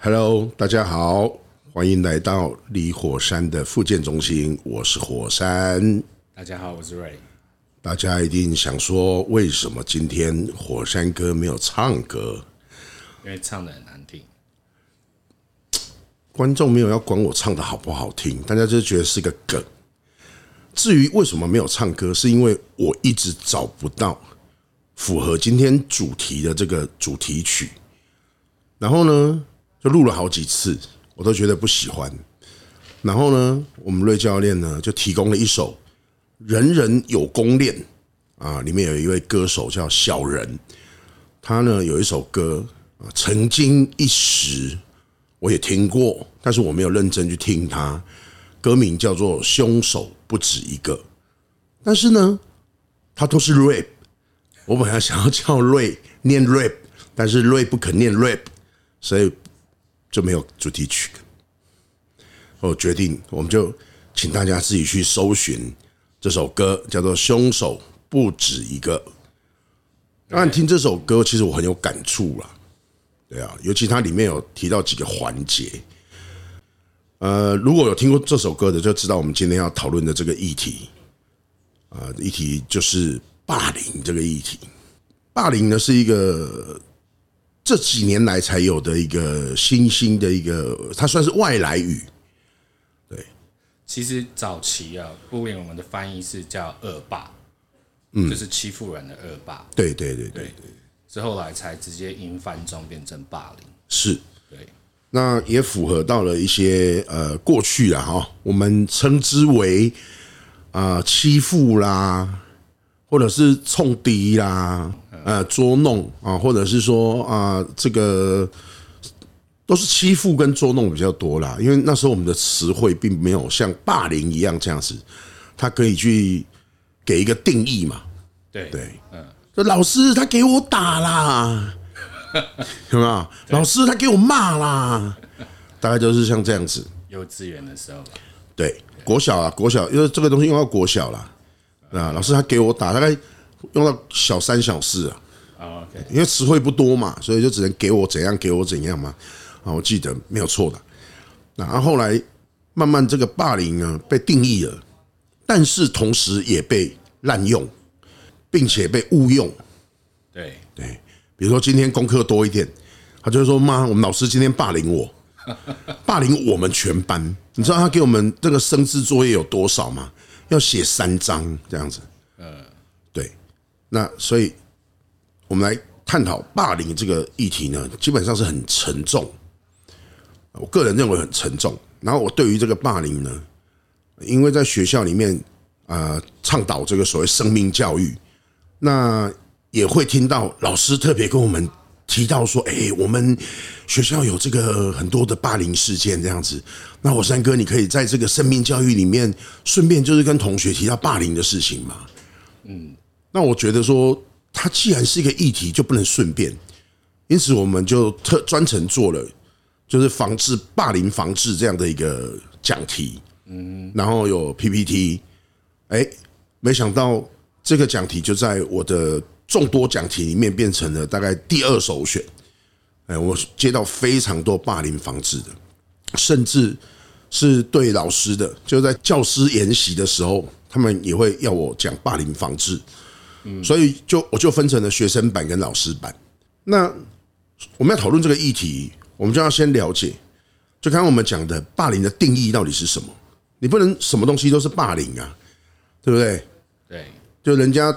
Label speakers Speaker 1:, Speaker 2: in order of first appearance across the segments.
Speaker 1: Hello，大家好，歡迎來到李火山的腹賤中心。我是火山。
Speaker 2: 大家好，我是 Ray。
Speaker 1: 大家一定想說，為什麼今天火山哥沒有唱歌？
Speaker 2: 因為唱得很難聽，
Speaker 1: 觀眾沒有要管我唱得好不好聽，大家就覺得是個梗。至於為什麼沒有唱歌，是因為我一直找不到符合今天主題的這個主題曲。然後呢，錄了好幾次，我都覺得不喜歡。然後呢，我們 Ray 教練呢就提供了一首《人人有功練》啊，裡面有一位歌手叫小人，他呢有一首歌曾經一時我也聽過，但是我沒有認真去聽。他歌名叫做《兇手不止一個》，但是呢，他都是 rap。我本來想要叫 Ray 念 rap，但是 Ray 不肯念 rap，所以。就沒有主題曲。我決定，我們就請大家自己去搜尋這首歌，叫做《凶手不止一個》。當然，聽這首歌其實我很有感觸了。對啊，尤其它裡面有提到幾個環節。呃，如果有聽過這首歌的，就知道我們今天要討論的這個議題。啊，議題就是霸凌這個議題。霸凌呢是一個，這幾年來才有的一個新興的一個，它算是外來語。對，其
Speaker 2: 實早期啊，不，我們的翻譯是叫“惡霸”，
Speaker 1: 嗯，就
Speaker 2: 是欺負人的惡霸。對對對對對，是後來才直接音翻中變成“霸凌”。
Speaker 1: 是，對。那也符合到了一些呃過去啊，哈，我們稱之為啊、呃、欺負啦，或者是衝低啦。呃，捉弄啊，或者是說啊，這個都是欺負跟捉弄比較多啦。因為那時候我們的詞彙並沒有像霸凌一樣這樣子，他可以去給一個定義嘛。對對，嗯，說老師他給我打啦，是吧？老師他給我罵啦，大概就是像這樣子。
Speaker 2: 幼稚園的時候，
Speaker 1: 對國小啊，國小，因為這個東西用到國小啦。啊。老師他給我打，大概。用到小三小四啊，OK，因為詞彙不多嘛，所以就只能給我怎樣給我怎樣嘛。啊，我記得沒有錯的。然後後來慢慢這個霸凌呢、啊、被定義了，但是同時也被濫用，並且被誤用。對對，比如說今天功課多一點，他就會說：“媽，我們老師今天霸凌我，霸凌我們全班。”你知道他給我們這個生字作業有多少嗎？要寫三張這樣子。那所以，我們來探討霸凌這個議題呢，基本上是很沉重。我個人認為很沉重。然後我對於這個霸凌呢，因為在學校裡面，呃，倡導這個所謂生命教育，那也會聽到老師特別跟我們提到說，哎，我們學校有這個很多的霸凌事件這樣子。那火山哥，你可以在這個生命教育裡面，順便就是跟同學提到霸凌的事情嗎？嗯。那我覺得說，它既然是一個議題，就不能順便，因此我們就特專程做了，就是防治霸凌防治這樣的一個講題，嗯，然後有 PPT，哎、欸，沒想到這個講題就在我的眾多講題裡面變成了大概第二首選，哎，我接到非常多霸凌防治的，甚至是對老師的，就在教師研習的時候，他們也會要我講霸凌防治。所以就我就分成了學生版跟老師版。那我們要討論這個議題，我們就要先了解。就剛剛我們講的霸凌的定義到底是什麼？你不能什麼東西都是霸凌啊，對不對？對，就人家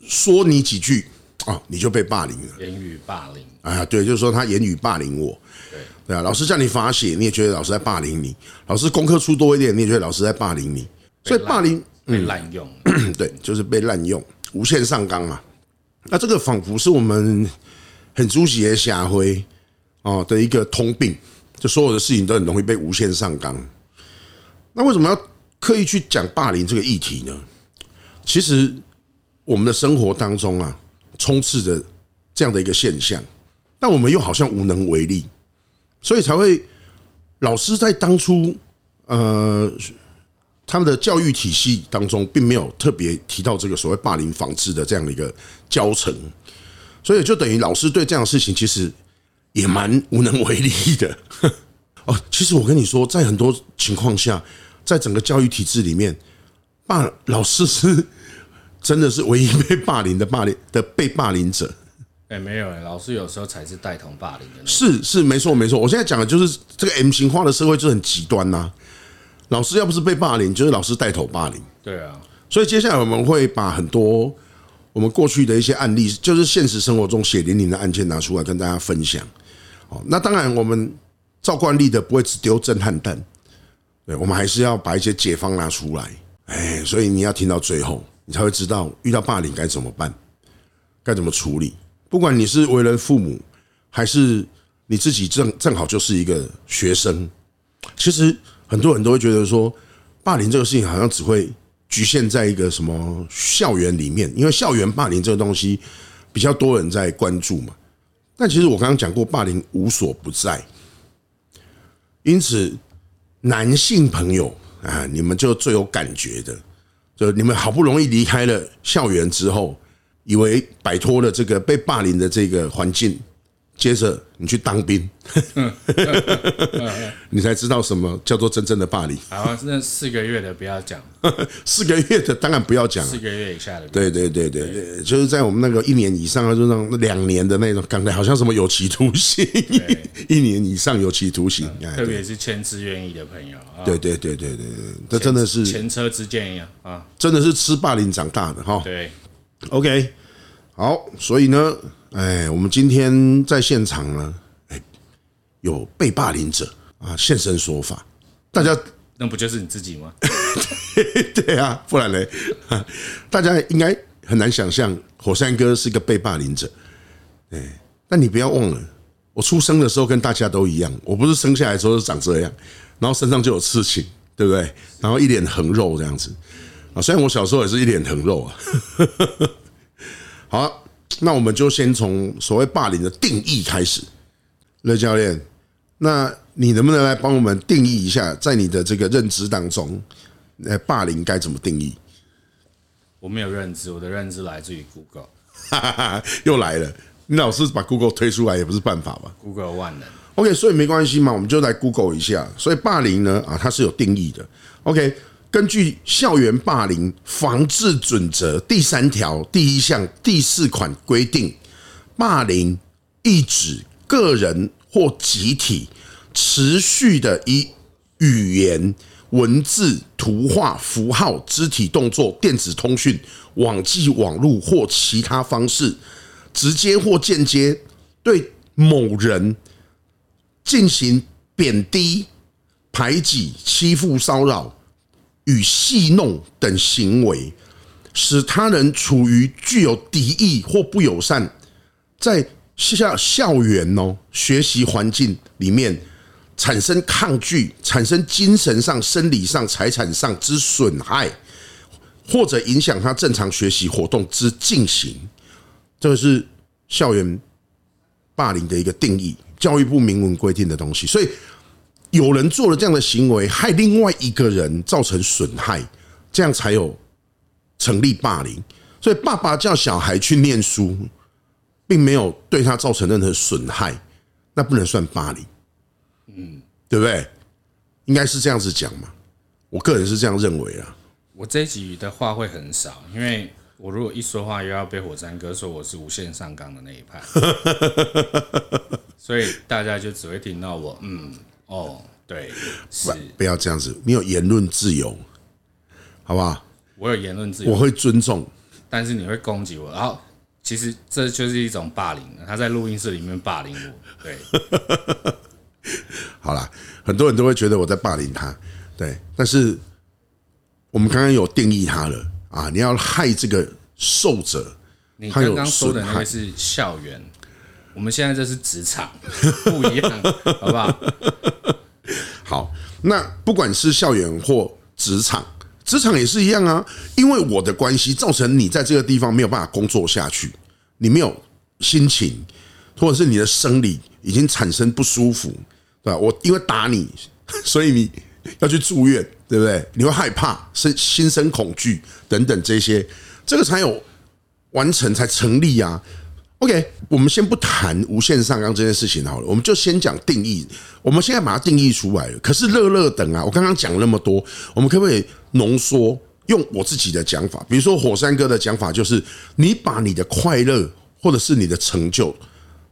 Speaker 1: 說你幾句啊，你就被霸凌了。
Speaker 2: 言語霸
Speaker 1: 凌。啊，對，就是說他言語霸凌我。對。對啊，老師叫你罰寫，你也覺得老師在霸凌你；老師功課出多一點，你也覺得老師在霸凌你。所以霸凌被濫用。對，就是被濫用。無限上綱嘛，那這個仿佛是我們很熟悉的社會啊的一個通病，就所有的事情都很容易被無限上綱。那為什麼要刻意去講霸凌這個議題呢？其實我們的生活當中啊，充斥着這樣的一個現象，但我們又好像無能為力，所以才會老師在當初呃。他們的教育體系當中，並沒有特別提到這個所謂霸凌防治的這樣的一個教程，所以就等於老師對這樣的事情，其實也蠻無能為力的。哦，其實我跟你說，在很多情況下，在整個教育體制裡面，霸老師是真的是唯一被霸凌的霸凌的被霸凌者。
Speaker 2: 哎，沒有哎，老師有時候才是帶頭霸凌
Speaker 1: 的。是是，沒錯沒錯。我現在講的就是這個 M 型化的社會就很極端吶、啊。老師要不是被霸凌，就是老師帶頭霸凌。對啊，所以接下來我們會把很多我們過去的一些案例，就是現實生活中血淋淋的案件拿出來跟大家分享。那當然，我們照慣例的不會只丟震撼彈，對，我們還是要把一些解方拿出來。哎，所以你要聽到最後，你才會知道遇到霸凌該怎麼辦，該怎麼處理。不管你是為人父母，還是你自己正正好就是一個學生，其實。很多人都會覺得說，霸凌這個事情好像只會局限在一個什麼校園裡面，因為校園霸凌這個東西比較多人在關注嘛。但其實我剛剛講過，霸凌無所不在，因此男性朋友啊，你們就最有感覺的，就你們好不容易離開了校園之後，以為擺脫了這個被霸凌的這個環境。接着你去當兵，你才知道什麼叫做真正的霸凌。好，
Speaker 2: 那四個月的不要講，
Speaker 1: 四個月的當然不要講，四個月以下的，對對對對，就是在我們那個一年以上就那種、兩年的那種，剛才好像什麼有期徒刑，一年以上有期徒刑，特別
Speaker 2: 是前自願役的朋友，對對對對對對，
Speaker 1: 這真的是前
Speaker 2: 車之鑑一樣
Speaker 1: 啊，真的是吃霸凌長大的哈。對，OK。好，所以呢，哎，我們今天在現場呢，哎，有被霸凌者啊，現身說法，大家
Speaker 2: 那不就是你自己嗎？
Speaker 1: 對啊，不然呢？大家應該很難想象火山哥是一個被霸凌者。哎，但你不要忘了，我出生的時候跟大家都一樣，我不是生下來的時候是長這樣，然後身上就有刺青，對不對？然後一臉橫肉這樣子啊，雖然我小時候也是一臉橫肉啊。 好、啊，那我們就先從所謂霸凌的定義開始，Ray 教練，那你能不能來幫我們定義一下，在你的這個認知當中，那霸凌該怎麼定義？
Speaker 2: 我沒有認知，我的認知來自於 Google，哈哈
Speaker 1: 哈， 又來了，你老是把 Google 推出來也不是辦法吧
Speaker 2: ？Google 萬能
Speaker 1: ，OK，所以沒關係嘛，我們就來 Google 一下。所以霸凌呢，啊，它是有定義的，OK。根據《校園霸凌防治準則》第三條第一項第四款規定，霸凌意指個人或集體持續的以語言、文字、圖畫、符號、肢體動作、電子通訊、網際網路或其他方式，直接或間接對某人進行貶低、排擠、欺負、騷擾。與戲弄等行為，使他人處於具有敵意或不友善，在校校園哦學習環境裡面產生抗拒、產生精神上、生理上、財產上之損害，或者影響他正常學習活動之進行，這個是校園霸凌的一個定義，教育部明文規定的東西，所以。有人做了這樣的行為，害另外一個人造成損害，這樣才有成立霸凌。所以爸爸叫小孩去念書，並沒有對他造成任何損害，那不能算霸凌。嗯，對不對？應該是這樣子講嘛。我個人是這樣認為啊。
Speaker 2: 我這一集的話會很少，因為我如果一說話又要被火山哥說我是無限上綱的那一派，所以大家就只會聽到我嗯。哦，oh, 對，是
Speaker 1: 不，不要這樣子。你有言論自由，好不好？
Speaker 2: 我有言論自由，我會尊重，但是你會攻擊我，然後其實這就是一種霸凌。他在錄音室裡面霸凌我，對。
Speaker 1: 好啦，很多人都會覺得我在霸凌他，對。但是我們剛剛有定義他了啊，你要害這個受者。
Speaker 2: 他有你剛剛說的那個是校園。我們現在這是職場，
Speaker 1: 不一樣，好不好？好，那不管是校園或職場，職場也是一樣啊。因為我的關係，造成你在這個地方沒有辦法工作下去，你沒有心情，或者是你的生理已經產生不舒服，對吧？我因為打你，所以你要去住院，對不對？你會害怕，是心生恐懼等等這些，這個才有完成，才成立啊。OK，我們先不談無限上綱這件事情好了，我們就先講定義。我們現在把它定義出來了，可是樂樂等啊，我剛剛講了那麼多，我們可不可以濃縮？用我自己的講法，比如說火山哥的講法，就是你把你的快樂或者是你的成就，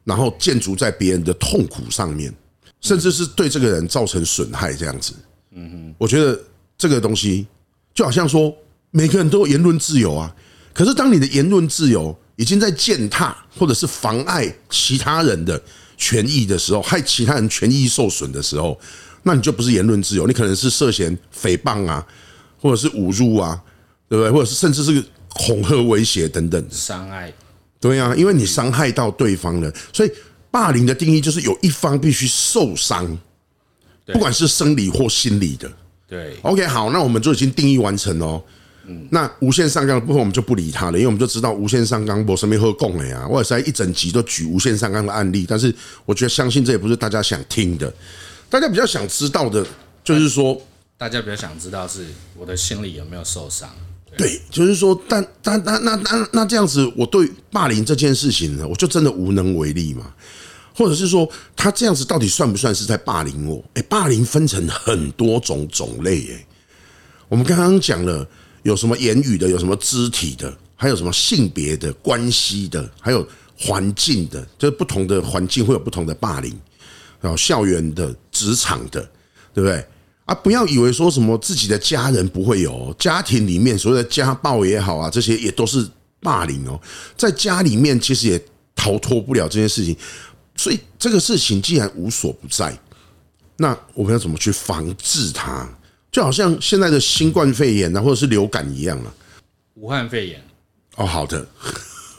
Speaker 1: 然後建築在別人的痛苦上面，甚至是對這個人造成損害這樣子。嗯嗯，我覺得這個東西就好像說，每個人都有言論自由啊，可是當你的言論自由。已經在踐踏或者是妨礙其他人的權益的時候，害其他人權益受損的時候，那你就不是言論自由，你可能是涉嫌誹謗啊，或者是侮辱啊，對不對？或者是甚至是恐嚇、威脅等等的傷害。對啊，因為你傷害到對方了，所以霸凌的定義就是有一方必須受傷，
Speaker 2: 不管
Speaker 1: 是生理或心理的。對。OK，好，那我們就已經定義完成哦。那無限上綱的部分我們就不理他了，因為我們就知道無限上綱我身邊喝供了呀。我也在一整集都舉無限上綱的案例，但是我覺得相信這也不是大家想聽的。大家比較想知道的就是說，
Speaker 2: 大家比較想知道是我的心裡有沒有受傷？
Speaker 1: 對，就是說，但但但那那那這樣子，我對霸凌這件事情呢，我就真的無能為力嘛？或者是說，他這樣子到底算不算是在霸凌我？哎，霸凌分成很多種種類，哎，我們剛剛講了。有什麼言語的，有什麼肢體的，還有什麼性別的關係的，還有環境的，就是不同的環境會有不同的霸凌，然後校園的、職場的，對不對？啊，不要以為說什麼自己的家人不會有，家庭裡面所謂的家暴也好啊，這些也都是霸凌哦，在家裡面其實也逃脫不了這件事情，所以這個事情既然無所不在，那我們要怎麼去防治它？就好像現在的新冠肺炎吶，或者是流感一樣了，
Speaker 2: 武漢肺炎。
Speaker 1: 哦，好的。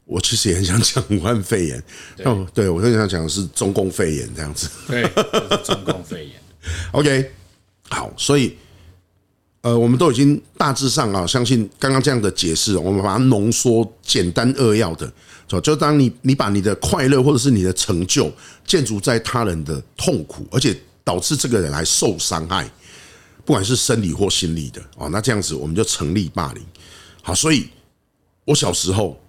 Speaker 1: 我其實也很想講武漢肺炎。哦，對，我更想講的是中共肺炎這樣子。
Speaker 2: 對，就
Speaker 1: 是、中共肺炎。 OK，好。所以，呃，我們都已經大致上啊，相信剛剛這樣的解釋，我們把它濃縮、簡單扼要的。就就當你你把你的快樂或者是你的成就建築在他人的痛苦，而且導致這個人還受傷害。不管是生理或心理的啊，那這樣子我們就成立霸凌。好，所以我小時候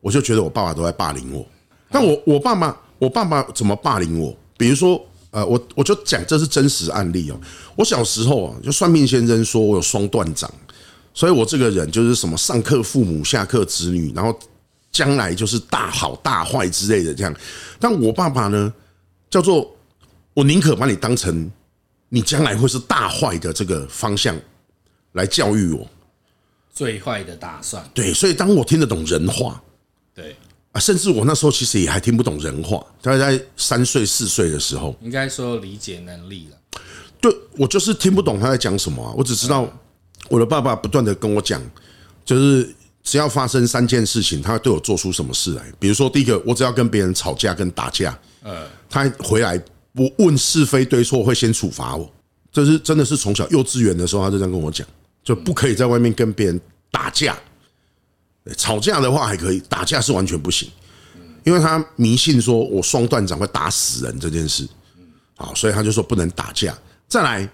Speaker 1: 我就覺得我爸爸都在霸凌我。但我我爸媽，我爸爸怎麼霸凌我？比如說呃，我我就講這是真實案例哦。我小時候啊，就算命先生說我有雙斷掌，所以我這個人就是什麼上剋父母下剋子女，然後將來就是大好大壞之類的這樣。但我爸爸呢，叫做我寧可把你當成。你將來會是大壞的這個方向來教育我，
Speaker 2: 最壞的打算。
Speaker 1: 對，所以當我聽得懂人話，對啊，甚至我那時候其實也還聽不懂人話，大概在三歲四歲的時候，
Speaker 2: 應該說理解能力了。
Speaker 1: 對，我就是聽不懂他在講什麼啊，我只知道我的爸爸不斷地跟我講，就是只要發生三件事情，他會對我做出什麼事來。比如說第一個，我只要跟別人吵架跟打架，呃，他回來。不問是非對錯，會先處罰我。這是真的是從小幼稚園的時候，他就這樣跟我講，就不可以在外面跟別人打架。吵架的話還可以，打架是完全不行。因為他迷信說我雙斷掌會打死人這件事，好，所以他就說不能打架。再來，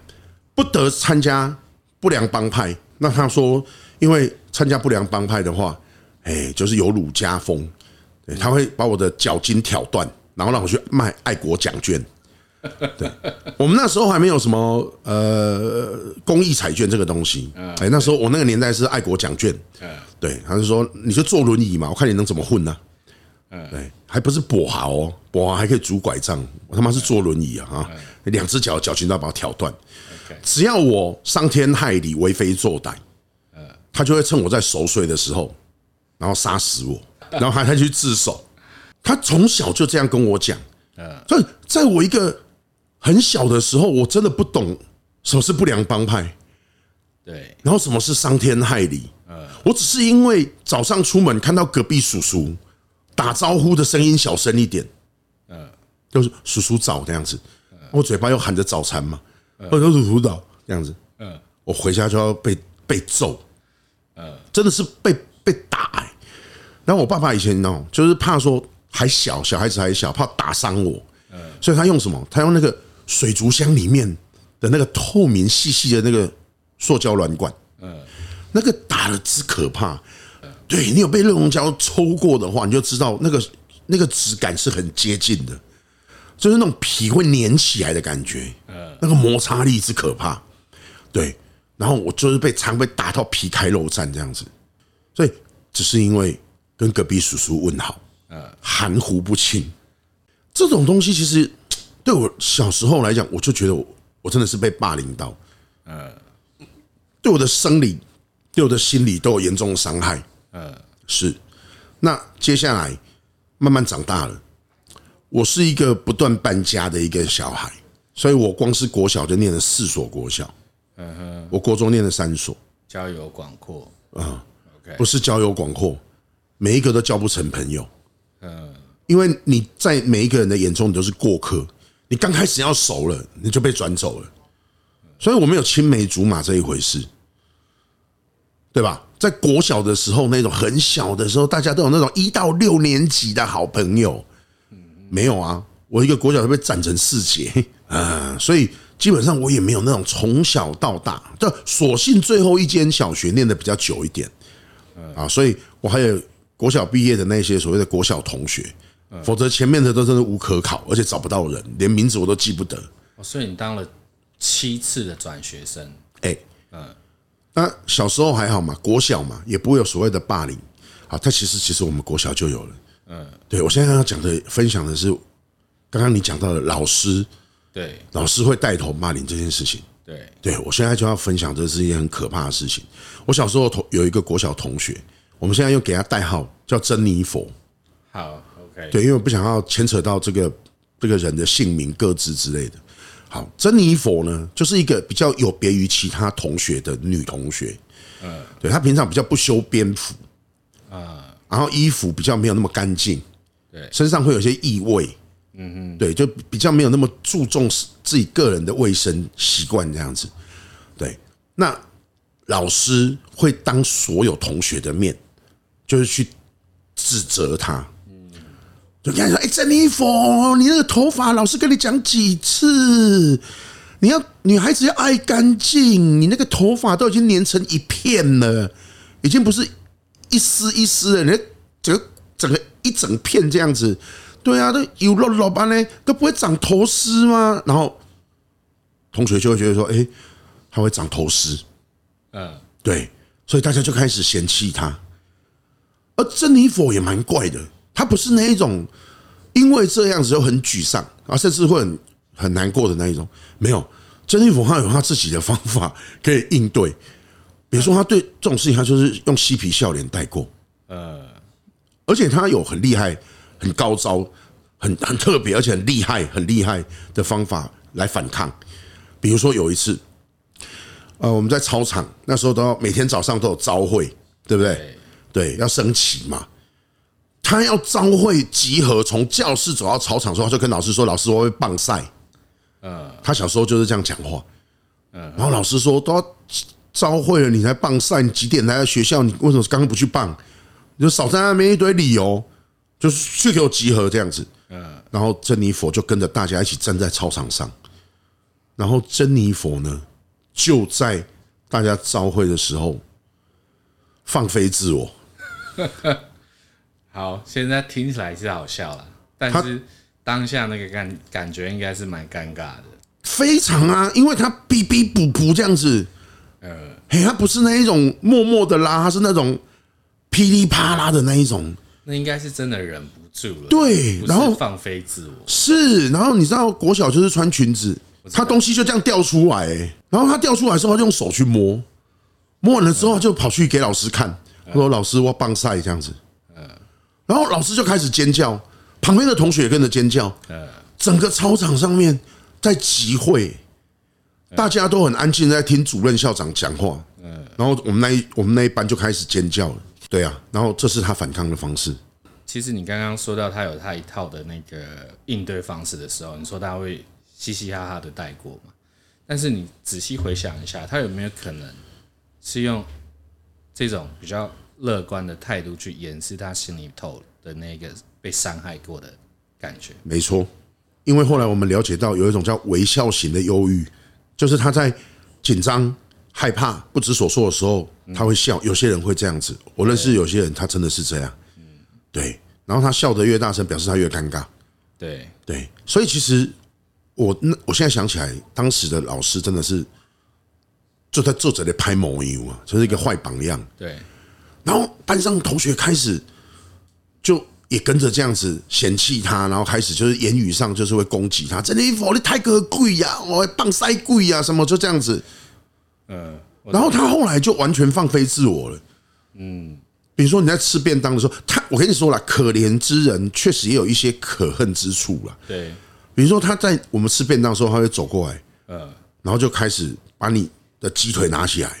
Speaker 1: 不得參加不良幫派。那他說，因為參加不良幫派的話，哎，就是有辱家風。他會把我的腳筋挑斷，然後讓我去賣愛國獎券。對，我們那時候還沒有什麼呃公益彩券這個東西，哎，那時候我那個年代是愛國獎券，對，他就說你就坐輪椅嘛，我看你能怎麼混呢？對，還不是跛豪，跛豪還可以拄拐杖，我他媽是坐輪椅啊，兩只腳腳筋都要把我挑斷，只要我傷天害理、為非作歹，他就會趁我在熟睡的時候，然後殺死我，然後還他去自首。他從小就這樣跟我講，所以在我一個。很小的時候，我真的不懂什麼是不良幫派，
Speaker 2: 對，
Speaker 1: 然後什麼是傷天害理，嗯，我只是因為早上出門看到隔壁叔叔打招呼的聲音小聲一點，嗯，就是叔叔早這樣子，我嘴巴又含着早餐嘛，我說叔叔早這樣子，嗯，我回家就要被被揍，嗯，真的是被被打、欸。然後我爸爸以前呢，就是怕說還小小孩子還小，怕打傷我，嗯，所以他用什麼？他用那個。水族箱裡面的那個透明細細的那個塑膠軟管，那個打得之可怕。對，你有被熱熔膠抽過的話，你就知道那個那個質感是很接近的，就是那種皮會黏起來的感覺，那個摩擦力之可怕，對，然後我就是被常被打到皮開肉綻這樣子，所以只是因為跟隔壁叔叔問好，含糊不清，這種東西其實。對我小時候來講，我就覺得我我真的是被霸凌到，呃，對我的生理，對我的心理都有嚴重的傷害。呃，是。那接下來慢慢長大了，我是一個不斷搬家的一個小孩，所以我光是國小就念了四所國小，嗯
Speaker 2: 哼，
Speaker 1: 我國中念了三所，
Speaker 2: 交友廣闊
Speaker 1: 啊，OK，不是交友廣闊，每一個都交不成朋友，嗯，因為你在每一個人的眼中，你都是過客。你剛開始要熟了，你就被轉走了，所以我沒有青梅竹馬這一回事，對吧？在國小的時候，那種很小的時候，大家都有那種一到六年級的好朋友，沒有啊？我一個國小都被斬成四截啊，所以基本上我也沒有那種從小到大，就索性最後一間小學念的比較久一點啊，所以我還有國小畢業的那些所謂的國小同學。否則前面的都真的無可考，而且找不到人，連名字我都記不得。
Speaker 2: 所以你當了七次的轉學生，
Speaker 1: 哎，嗯，那小時候還好嘛，國小嘛，也不會有所謂的霸凌。好，他其實其實我們國小就有了。嗯，對，我現在要講的分享的是剛剛你講到的老師，
Speaker 2: 對，老師
Speaker 1: 會帶頭霸凌這件事情，
Speaker 2: 對，對我
Speaker 1: 現在就要分享，這是一件很可怕的事情。我小時候同有一個國小同學，我們現在又給他代號叫珍妮佛，好。對，因為我不想要牽扯到這個這個人的姓名、個資之類的。好，珍妮佛呢，就是一個比較有別於其他同學的女同學。嗯，對，她平常比較不修邊幅啊，然後衣服比較沒有那麼乾淨，
Speaker 2: 對，身
Speaker 1: 上會有些異味。嗯嗯，對，就比較沒有那麼注重自己個人的衛生習慣這樣子。對，那老師會當所有同學的面，就是去指責她。就跟說，哎，珍妮佛，你那個頭髮，老師跟你講幾次，你要女孩子要愛乾淨，你那個頭髮都已經粘成一片了，已經不是一絲一絲了，人家整個整個一整片這樣子，對啊，都油落落斑呢，都不會長頭絲嗎？然後同學就會覺得說，哎，他會長頭絲，嗯，對，所以大家就開始嫌棄他，而珍妮佛也蠻怪的。他不是那一種，因為這樣子就很沮喪啊，甚至會很，很難過的那一種。沒有，曾慶福他有他自己的方法可以應對。比如說，他對這種事情，他就是用嬉皮笑臉帶過。呃，而且他有很厲害、很高招、很很特別，而且很厲害、很厲害的方法來反抗。比如說有一次，呃，我們在操場，那時候都要每天早上都有朝會，對不對？對，要升旗嘛。他要朝會集合，從教室走到操場的時候，他就跟老師說：“老師，我會棒賽。”嗯，他小時候就是這樣講話。嗯，然後老師說：“都要朝會了，你才棒賽？你幾點來到學校？你為什麼剛剛不去棒？你就少在那邊一堆理由，就是去給我集合這樣子。”嗯，然後珍妮佛就跟着大家一起站在操場上，然後珍妮佛呢，就在大家朝會的時候放飛自我。
Speaker 2: 好，現在聽起來是好笑啦，但是當下那個感感覺應該是蠻尷尬的、
Speaker 1: 嗯，非常啊，因為他嗶嗶補補這樣子，呃，嘿，他不是那一種默默的啦，他是那種噼里啪啦的那一種，
Speaker 2: 那應該是真的忍不住了，對，然後放飛自我
Speaker 1: 是，然後你知道國小就是穿裙子，他東西就這樣掉出來，然後他掉出來之後就用手去摸，摸完了之後他就跑去給老師看，他說老師，我棒賽這樣子。然後老師就開始尖叫，旁邊的同學也跟着尖叫，呃，整個操場上面在集會，大家都很安靜在聽主任校長講話，呃，然後我們那一我們那一班就開始尖叫了，對啊，然後這是他反抗的方式。
Speaker 2: 其實你剛剛說到他有他一套的那個應對方式的時候，你說他會嘻嘻哈哈的帶過嘛？但是你仔細回想一下，他有沒有可能是用這種比較？樂觀的態度去掩飾他心裡頭的那個被傷害過的感覺。沒
Speaker 1: 錯，因為後來我們了解到有一種叫微笑型的憂鬱，就是他在緊張、害怕、不知所措的時候，他會笑。有些人會這樣子，我認識有些人，他真的是這樣。嗯，對。然後他笑得越大聲，表示他越尷尬。對對，所以其實我那我現在想起來，當時的老師真的是坐在作者裡拍毛牛，就是一個壞榜樣。對。然後班上同學開始就也跟着這樣子嫌棄他，然後開始就是言語上就是會攻擊他，真的，我你太可貴呀，我棒塞貴呀，什麼就這樣子。嗯，然後他後來就完全放飛自我了。嗯，比如說你在吃便當的時候，他我跟你說啦，可憐之人確實也有一些可恨之處了。對，比如說他在我們吃便當的時候，他會走過來，嗯，然後就開始把你的雞腿拿起來，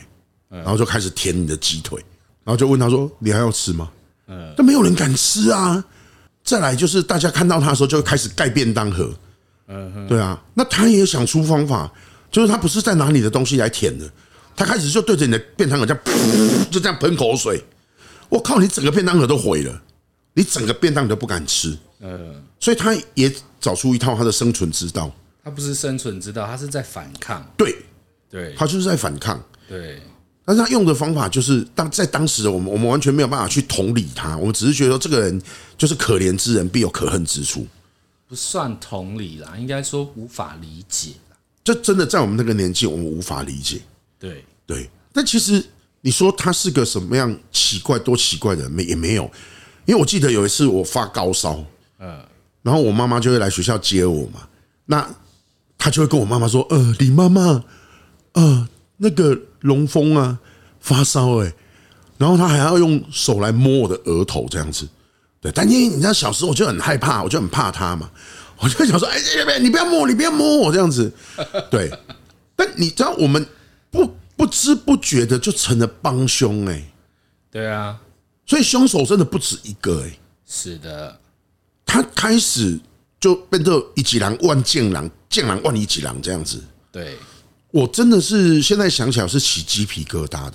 Speaker 1: 然後就開始舔你的雞腿。然後就問他說：“你還要吃嗎？”嗯，那沒有人敢吃啊。再來就是大家看到他的時候，就開始蓋便當盒。嗯，對啊。那他也想出方法，就是他不是在拿你的東西來舔的，他開始就對着你的便當盒這樣噗，就這樣噴口水。我靠，你整個便當盒都毀了，你整個便當你都不敢吃。嗯，所以他也找出一套他的生存之道。
Speaker 2: 他不是生存之道，他是在反抗。對，對，
Speaker 1: 他就是在反抗。對。但是他用的方法就是當在當時的我們，我們完全沒有辦法去同理他，我們只是覺得這個人就是可憐之人必有可恨之處。
Speaker 2: 不算同理啦，應該說無法理解。
Speaker 1: 就真的在我們那個年紀，我們無法理解。對對，但其實你說他是個什麼樣奇怪、多奇怪的人，沒，也沒有。因為我記得有一次我發高燒，嗯，然後我媽媽就會來學校接我嘛，那他就會跟我媽媽說：“呃，李媽媽，呃。”那個龍風啊，發燒哎，然後他還要用手來摸我的額頭這樣子，對。但因為你知道小時候我就很害怕，我就很怕他嘛，我就想說，哎別別，你不要摸，你不要摸我這樣子。對。但你知道我們不不知不覺的就成了幫兇哎。對啊。所以兇手真的不止一個哎。是的。他開始就變成一匹狼萬劍狼劍狼萬一匹狼這樣子。對。我真的是現在想起來是起雞皮疙瘩的。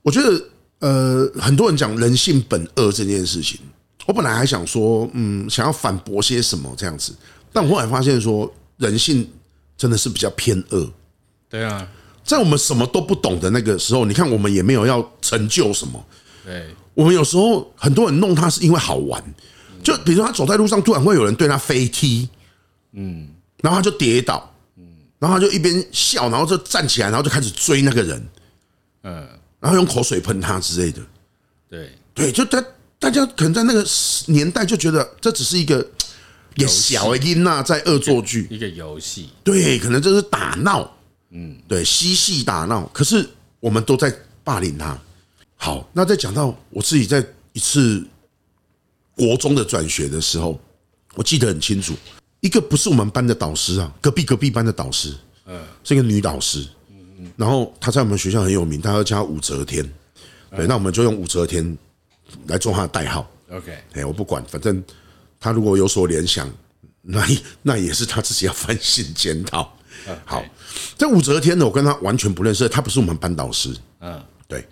Speaker 1: 我覺得，呃，很多人講人性本惡這件事情，我本來還想說，嗯，想要反駁些什麼這樣子，但我後來發現說，人性真的是比較偏惡。對啊，在我們什麼都不懂的那個時候，你看我們也沒有要成就什麼。對，我們有時候很多人弄他是因為好玩，就比如說他走在路上，突然會有人對他飛踢，嗯，然後他就跌倒。然後他就一邊笑，然後就站起來，然後就開始追那個人，嗯，然後用口水噴他之類的，對，對，就他大家可能在那個年代就覺得這只是一個也小音吶在惡作劇，一個遊戲，對，可能就是打鬧，嗯，對，嬉戲打鬧，可是我們都在霸凌他。好，那再講到我自己在一次國中的轉學的時候，我記得很清楚。一個不是我們班的導師啊，隔壁隔壁班的導師，嗯，是一個女導師，嗯嗯，然後她在我們學校很有名，大家都叫她武則天，對，那我們就用武則天來做她的代號，OK，我不管，反正她如果有所聯想，那那也是她自己要反省檢討。好，這武則天呢，我跟她完全不認識，她不是我們班導師，嗯，對，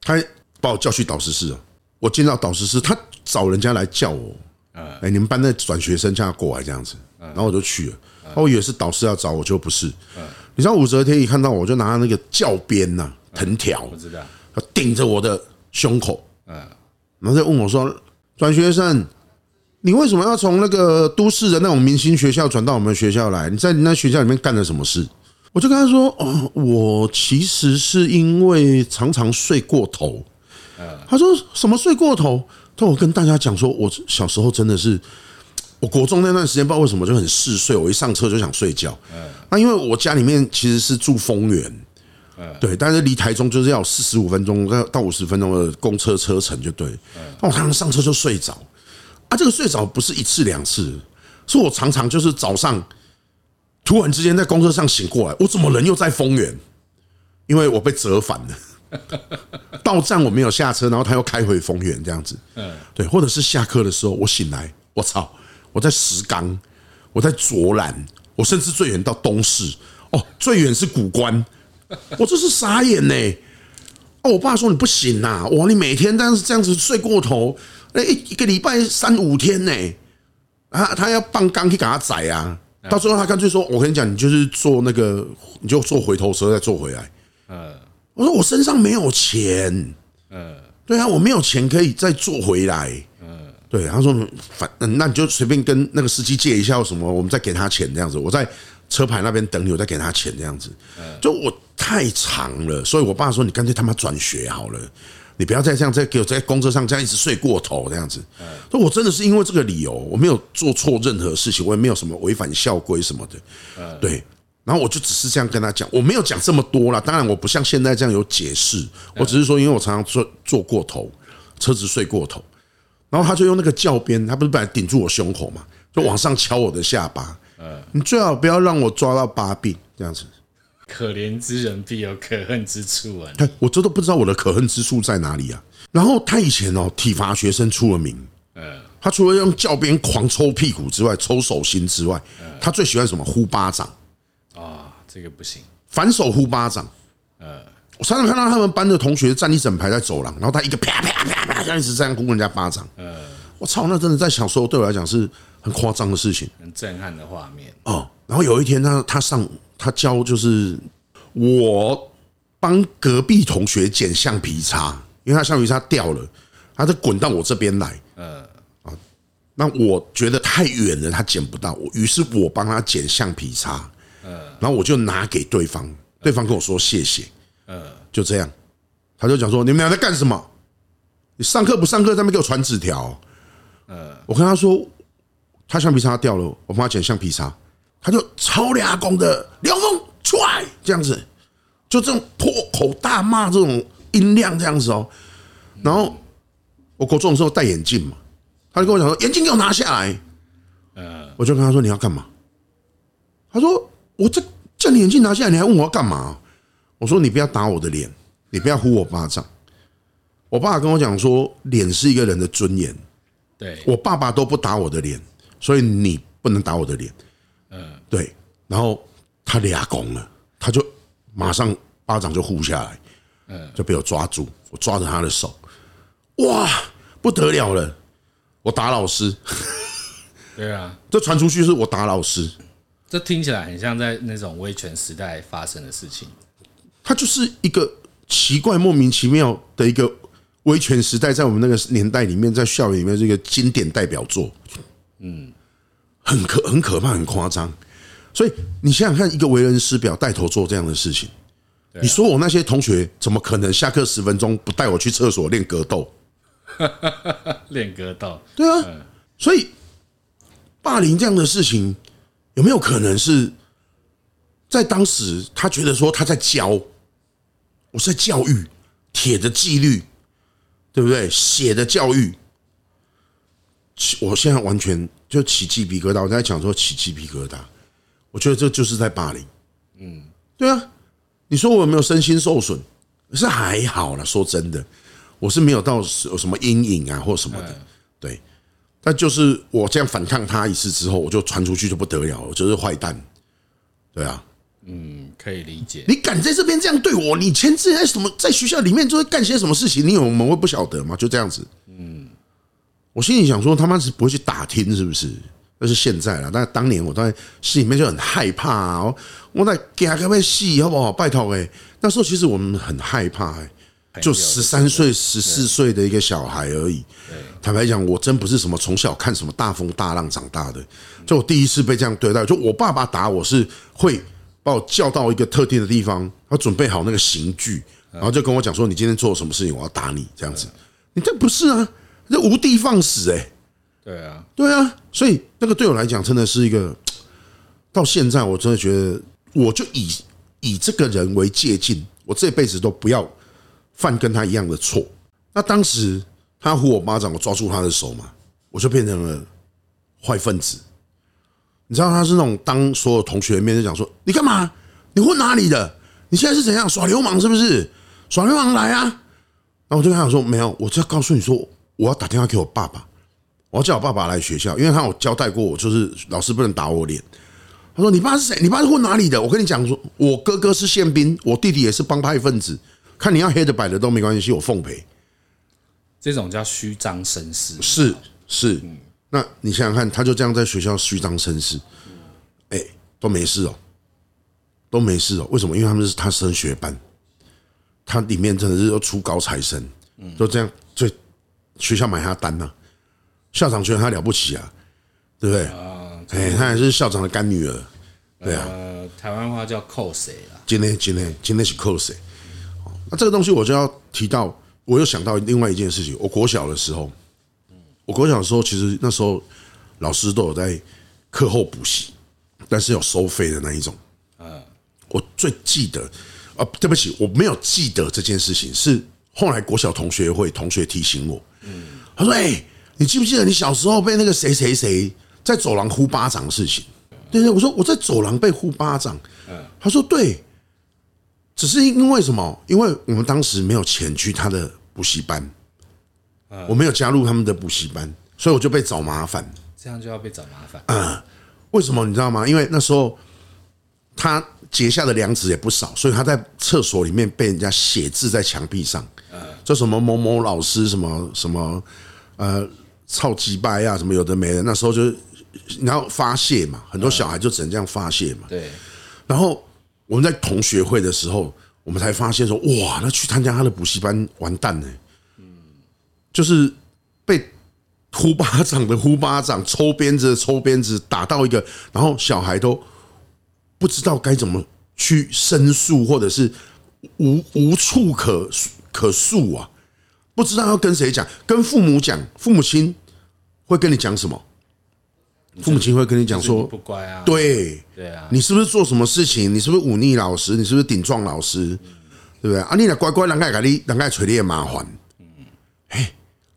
Speaker 1: 她把我叫去導師室，我見到導師室，她找人家來叫我。哎、欸，你們班的轉學生叫他過來，這樣子，然後我就去了。我以為是導師要找我，就不是。你知道武則天一看到我，就拿那個教鞭吶，藤條，他頂着我的胸口。然後就問我說：“轉學生，你為什麼要從那個都市的那種明星學校轉到我們學校來？你在你那學校裡面幹了什麼事？”我就跟他說：“哦，我其實是因為常常睡過頭。”他說：“什麼睡過頭？”那我跟大家講說，我小時候真的是，我國中那段時間不知道為什麼就很嗜睡，我一上車就想睡覺。那因為我家裡面其實是住豐原，對，但是離台中就是要四十五分鐘到五十分鐘的公車車程就對。那我常常上車就睡着，啊，這個睡着不是一次兩次，是我常常就是早上突然之間在公車上醒過來，我怎麼人又在豐原？因為我被折返了。到站我沒有下車，然後他又開回豐原這樣子。嗯，對，或者是下課的時候我醒來，我操，我在石岡，我在卓蘭，我甚至最遠到東勢哦，最遠是古關，我這是傻眼呢。哦，我爸說你不行吶、啊，哇，你每天這樣子這樣子睡過頭，一個禮拜三五天呢。啊，他要放缸去給他宰啊，到最後他乾脆說，我跟你講，你就是坐那個，你就坐回頭車再坐回來。嗯。我說我身上沒有錢，
Speaker 2: 嗯，
Speaker 1: 對啊，我沒有錢可以再做回來，嗯，對。他說反，那你就隨便跟那個司機借一下，什麼我們再給他錢這樣子。我在車牌那邊等你，我再給他錢這樣子。就我太長了，所以我爸說，你乾脆他媽轉學好了，你不要再這樣再給我在公車上這樣一直睡過頭這樣子。所以我真的是因為這個理由，我沒有做錯任何事情，我也沒有什麼違反校規什麼的，對。然後我就只是這樣跟他講，我沒有講這麼多啦。當然我不像現在這樣有解釋，我只是說，因為我常常坐坐過頭，車子睡過頭。然後他就用那個教鞭，他不是本來頂住我胸口嘛，就往上敲我的下巴。嗯，你最好不要讓我抓到把柄這樣子。
Speaker 2: 可憐之人必有可恨之處
Speaker 1: 啊！我真的不知道我的可恨之處在哪裡啊！然後他以前哦體罰學生出了名。嗯，他除了用教鞭狂抽屁股之外，抽手心之外，他最喜歡什麼？呼巴掌。這個不行，反手呼巴掌。呃，我常常看到他們班的同學站一整排在走廊，然後他一個啪啪啪啪，一直在這樣摑人家巴掌。呃，我操，那真的在小時候對我來講是很誇張的事情，很
Speaker 2: 震撼的畫
Speaker 1: 面。哦，然後有一天，他他上他教，就是我幫隔壁同學撿橡皮擦，因為他橡皮擦掉了，他就滾到我這邊來。呃啊，那我覺得太遠了，他撿不到我，於是我幫他撿橡皮擦。嗯，然後我就拿給對方，對方跟我說謝謝。嗯，就這樣，他就講說，你們倆在幹什麼？你上課不上課，在那邊給我傳紙條？呃，我跟他說他橡皮擦掉了，我幫他撿橡皮擦。他就抄倆公的劉峰出來這樣子，就這種破口大罵這種音量這樣子哦。然後我高中的時候戴眼鏡嘛，他就跟我講說眼鏡給我拿下來。呃，我就跟他說你要幹嘛？他說。我這這眼鏡拿下來，你還問我要幹嘛？我說你不要打我的臉，你不要呼我巴掌。我爸跟我講說，臉是一個人的尊嚴。
Speaker 2: 對，
Speaker 1: 我爸爸都不打我的臉，所以你不能打我的臉。嗯，對。然後他倆拱了，他就馬上巴掌就呼下來，嗯，就被我抓住。我抓着他的手，哇，不得了了！我打老師。
Speaker 2: 對啊，
Speaker 1: 這傳出去是我打老師。
Speaker 2: 這聽起來很像在那種威權時代發生的事情。
Speaker 1: 它就是一個奇怪、莫名其妙的一個威權時代，在我們那個年代裡面，在校園裡面這個經典代表作，嗯，很可、很可怕、很誇張。所以你想想看，一個為人師表帶頭做這樣的事情，你說我那些同學怎麼可能下課十分鐘不帶我去廁所練格鬥？
Speaker 2: 練格鬥，
Speaker 1: 對啊。所以，霸凌這樣的事情。有沒有可能是，在當時他覺得說他在教，我是在教育鐵的紀律，對不對？血的教育，我現在完全就起雞皮疙瘩。我在講說起雞皮疙瘩，我覺得這就是在霸凌。
Speaker 2: 嗯，
Speaker 1: 對啊，你說我有沒有身心受損？是還好啦，說真的，我是沒有到有什麼陰影啊或什麼的。對。但就是我這樣反抗他一次之後，我就傳出去就不得了了，我就是壞蛋，對啊，嗯，
Speaker 2: 可以理解。你
Speaker 1: 敢在這邊這樣對我，你簽字在什麼？在學校裡面就會幹些什麼事情，你以為我們會不曉得嗎？就這樣子，嗯，我心裡想說，他媽是不會去打聽是不是？但是現在啊，但當年我在心裡面就很害怕啊！我在給他個戲，好不好？拜託哎，那時候其實我們很害怕，欸。就十三歲、十四歲的一個小孩而已。坦白講，我真不是什麼從小看什麼大風大浪長大的。就我第一次被這樣對待，就我爸爸打我是會把我叫到一個特定的地方，他準備好那個刑具，然後就跟我講說：“你今天做了什麼事情，我要打你。”這樣子，你這不是啊？這無的放矢欸！對啊，對啊。所以這個對我來講真的是一個，到現在我真的覺得，我就以以這個人為借鏡，我這輩子都不要犯跟他一樣的錯，那當時他呼我巴掌，我抓住他的手嘛，我就變成了壞分子。你知道他是那種當所有同學面就講說：“你幹嘛？你混哪裡的？你現在是怎樣？耍流氓是不是？耍流氓來啊？”然後我就跟他說：“沒有，我就要告訴你說，我要打電話給我爸爸，我要叫我爸爸來學校，因為他有交代過我，就是老師不能打我臉。”他說：“你爸是誰？你爸是混哪裡的？我跟你講說，我哥哥是憲兵，我弟弟也是幫派分子。”看你要黑的白的都沒關係，我奉陪。
Speaker 2: 這種叫虛張聲勢，
Speaker 1: 是是。嗯、那你想想看，他就這樣在學校虛張聲勢，哎，都沒事哦、喔，都沒事哦、喔。為什麼？因為他們是他升學班，他裡面真的是要出高材生，都這樣，所以學校買他單了、啊。校長覺得他了不起啊，對不對？哎，他還是校長的乾女兒。對啊，
Speaker 2: 台灣話叫靠
Speaker 1: 勢啦，今天今天今天是靠勢那、啊、這個東西我就要提到，我又想到另外一件事情。我國小的時候，我國小的時候，其實那時候老師都有在課後補習，但是要收費的那一種。
Speaker 2: 嗯，
Speaker 1: 我最記得啊，對不起，我沒有記得這件事情，是後來國小同學會同學提醒我。嗯，他說：“哎，你記不記得你小時候被那個誰誰誰在走廊呼巴掌的事情？”對對，我說我在走廊被呼巴掌。嗯，他說對。只是因為什麼？因為我們當時沒有錢去他的補習班，我沒有加入他們的補習班，所以我就被找麻煩。
Speaker 2: 這樣就要被找麻煩。啊，
Speaker 1: 為什麼你知道嗎？因為那時候他結下的梁子也不少，所以他在廁所裡面被人家寫字在牆壁上，叫什麼某某老師，什麼什麼呃，操幾拜啊，什麼有的沒的。那時候就然後發洩嘛，很多小孩就只能這樣發洩嘛。對，然後。我們在同學會的時候，我們才發現說，哇，那去參加他的補習班完蛋呢。嗯，就是被呼巴掌的呼巴掌，抽鞭子的抽鞭子，打到一個，然後小孩都不知道該怎麼去申訴，或者是無無處可可訴啊，不知道要跟誰講，跟父母講，父母親會跟你講什麼？父母親會跟你講說：“不乖啊，對，對啊，啊、你是不是做什麼事情？你是不是忤逆老師？你是不是頂撞老師？嗯嗯對不對？啊，你得乖乖，人家給你，人家捶你麻煩。”嗯，哎，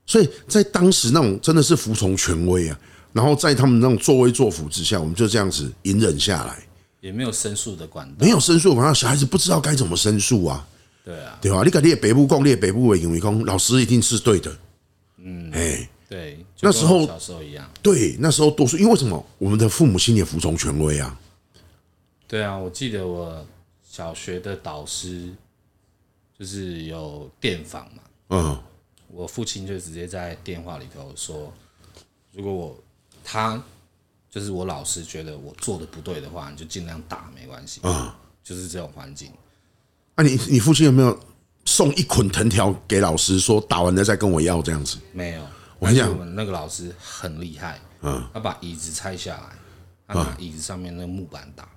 Speaker 1: 所以在當時那種真的是服從權威啊，然後在他們那種作威作福之下，我們就這樣子隱忍下來，
Speaker 2: 也沒有申訴的管道，沒有
Speaker 1: 申訴管道，小孩子不知道該怎麼申訴啊。對啊，對吧、啊？啊、你改哩北部曠烈北部為盈為虧，老師一定是對的。嗯，哎，對。
Speaker 2: 那時候小時候一樣，
Speaker 1: 對，那時候都是因為什麼？我們的父母親也服從權威啊。
Speaker 2: 對啊，我記得我小學的導師就是有電訪嘛。嗯。我父親就直接在電話裡頭說：“如果我他就是我老師覺得我做的不對的話，你就儘量打沒關係啊。”就是這種環境。
Speaker 1: 那，你你父親有沒有送一捆藤條給老師說打完了再跟我要這樣子？
Speaker 2: 沒有。我們那個老師很厲害，嗯，他把椅子拆下來，他把椅子上面那個木板打，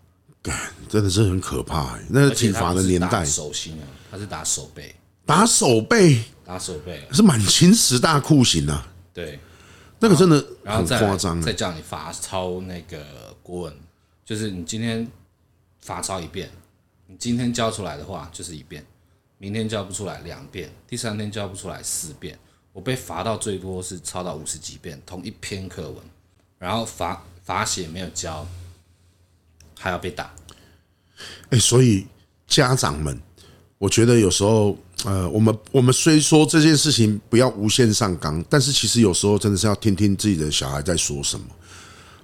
Speaker 1: 真的是很可怕。那個體罰的年代，手
Speaker 2: 心啊，他是打手背，
Speaker 1: 打手背，
Speaker 2: 打手背是滿
Speaker 1: 清十大酷刑啊。對，那個真的很誇張。再
Speaker 2: 叫你罰抄那個國文，就是你今天罰抄一遍，你今天交出來的話就是一遍，明天交不出來兩遍，第三天交不出來四遍。我被罰到最多是抄到五十幾遍同一篇課文，然後罰，罰寫沒有交，還要被打。
Speaker 1: 哎，所以家長們，我覺得有時候，呃，我們我們雖說這件事情不要無限上綱，但是其實有時候真的是要聽聽自己的小孩在說什麼。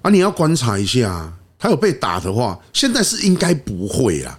Speaker 1: 啊，你要觀察一下，他有被打的話，現在是應該不會啦。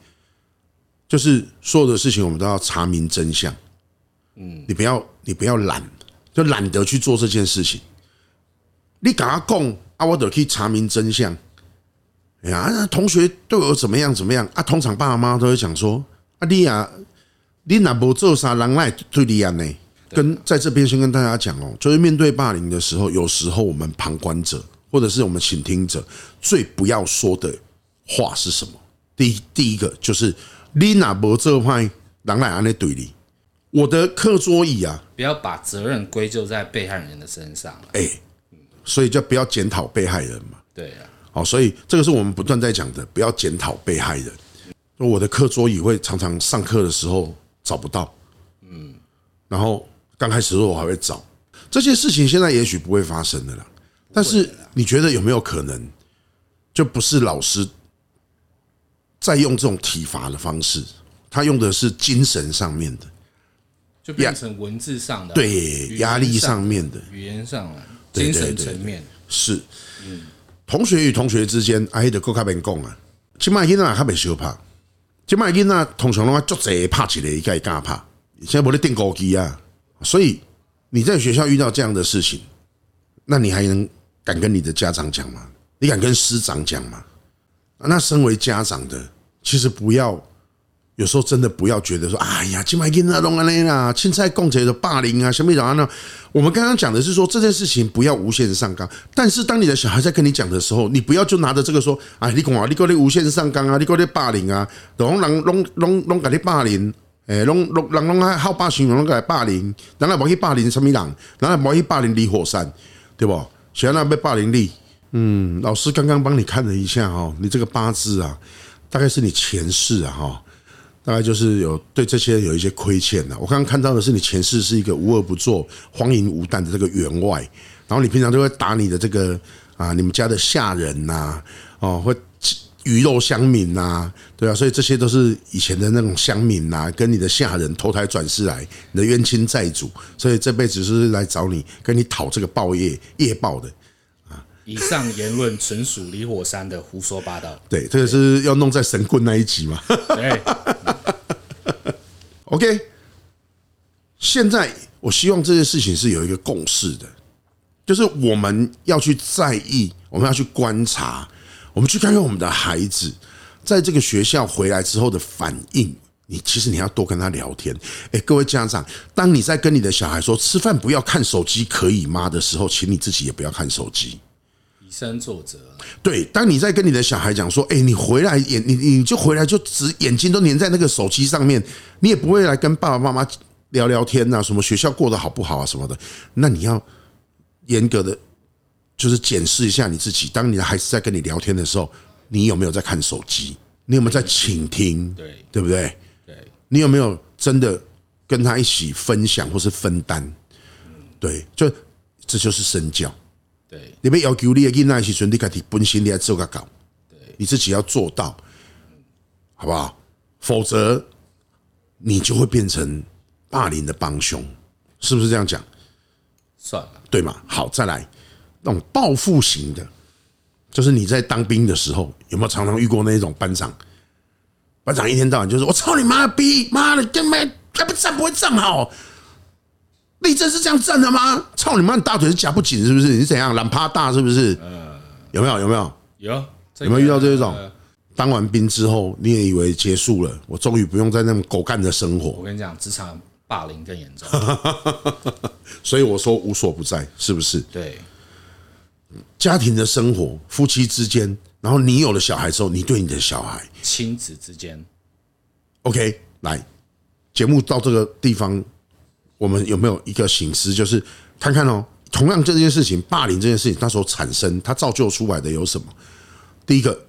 Speaker 1: 就是所有的事情，我們都要查明真相。嗯，你不要你不要懶，就懶得去做這件事情。你跟他講啊，我得去查明真相。哎呀，同學對我怎麼樣？怎麼樣啊？通常爸媽都會講說：“啊，你啊、啊，你哪不做啥，人來對你呀。呢？”跟在這邊先跟大家講哦，就是面對霸凌的時候，有時候我們旁觀者，或者是我們傾聽者，最不要說的話是什麼？第一，第一個就是。你哪無做歹，人來按呢對你？我的課桌椅啊，
Speaker 2: 不要把責任歸咎在被害人的身上。
Speaker 1: 哎，所以就不要檢討被害人嘛。對呀。好，所以這個是我們不斷在講的，不要檢討被害人。那我的課桌椅會常常上課的時候找不到，嗯，然後剛開始的時候我還會找這些事情，現在也許不會發生的啦。但是你覺得有沒有可能，就不是老師？再用這種體罰的方式，他用的是精神上面的，
Speaker 2: 就變成文字上的，對，壓力上面的，語言上的，精神層面，對
Speaker 1: 對對對對是。嗯，同學與同學之間，阿黑夠開面供啊，今麥今那他沒修怕，今麥今那通常的話就賊怕起來，該幹怕，現在不咧訂高級啊。所以你在學校遇到這樣的事情，那你還能敢跟你的家長講嗎？你敢跟師長講嗎？那身為家長的，其實不要，有時候真的不要覺得說，哎呀，今麥今那弄個咧啦，青菜供着的霸凌啊，什麼人啊那？我們剛剛講的是說這件事情不要無限上綱，但是當你的小孩在跟你講的時候，你不要就拿着這個說，哎，你講啊，你講你無限上綱啊，你講你霸凌啊，然後人攏攏攏攏跟你霸凌，哎，攏攏人攏愛好霸權攏來霸凌，然後莫去霸凌什麼人，然後莫去霸凌李火山，對不？誰要那被霸凌的？嗯，老師剛剛幫你看了一下哦，你這個八字啊，大概是你前世啊，哈，大概就是有對這些有一些虧欠的、啊。我剛剛看到的是你前世是一個無惡不作、荒淫無膽的這個員外，然後你平常就會打你的這個啊，你們家的下人吶，哦，會魚肉鄉民吶、啊，對啊，所以這些都是以前的那種鄉民吶、啊，跟你的下人投胎轉世來，你的冤親債主，所以這輩子是來找你跟你討這個報業業報的。
Speaker 2: 以上言論純屬李火山的胡說八道。
Speaker 1: 對，這個是要弄在神棍那一集嗎？對。 OK，現在我希望這件事情是有一個共識的，就是我們要去在意，我們要去觀察，我們去看看我們的孩子在這個學校回來之後的反應。你其實你要多跟他聊天。哎，各位家長，當你在跟你的小孩說吃飯不要看手機可以嗎的時候，請你自己也不要看手機。
Speaker 2: 以身作則。
Speaker 1: 對，當你在跟你的小孩講說：“哎，你回來也，你你就回來就只眼睛都粘在那個手機上面，你也不會來跟爸爸媽媽聊聊天啊，什麼學校過得好不好啊，什麼的。”那你要嚴格的，就是檢視一下你自己。當你的孩子在跟你聊天的時候，你有沒有在看手機？你有沒有在傾聽？對，對不對？對，你有沒有真的跟他一起分享或是分擔？對，就這就是身教。對，你被要求你要跟那些純底自己本身的做得到，你自己要做到，好不好？否則你就會變成霸凌的幫兇，是不是這樣講？算了，對嗎？好，再來那種報復型的，就是你在當兵的時候有沒有常常遇過那種班長？班長一天到晚就是我操你媽逼，媽的，幹嗎還不站不會站好？立正是這樣站的嗎？操你媽！你大腿是夾不緊是不是？你是怎樣懶趴大是不是？呃，有沒有？有沒有？有
Speaker 2: 有沒有遇到這一種？
Speaker 1: 當完兵之後，你也以為結束了，我終於不用在那種狗幹的生活。我
Speaker 2: 跟你講，職場霸凌更嚴
Speaker 1: 重，所以我說無所不在，是不是？對。家庭的生活，夫妻之間，然後你有了小孩之後，你對你的小孩，親子之間。OK，來節目到這個地方。我們有沒有一個形式，就是看看哦、喔，同樣這件事情，霸凌這件事情，它所產生，它造就出來的有什麼？第一個，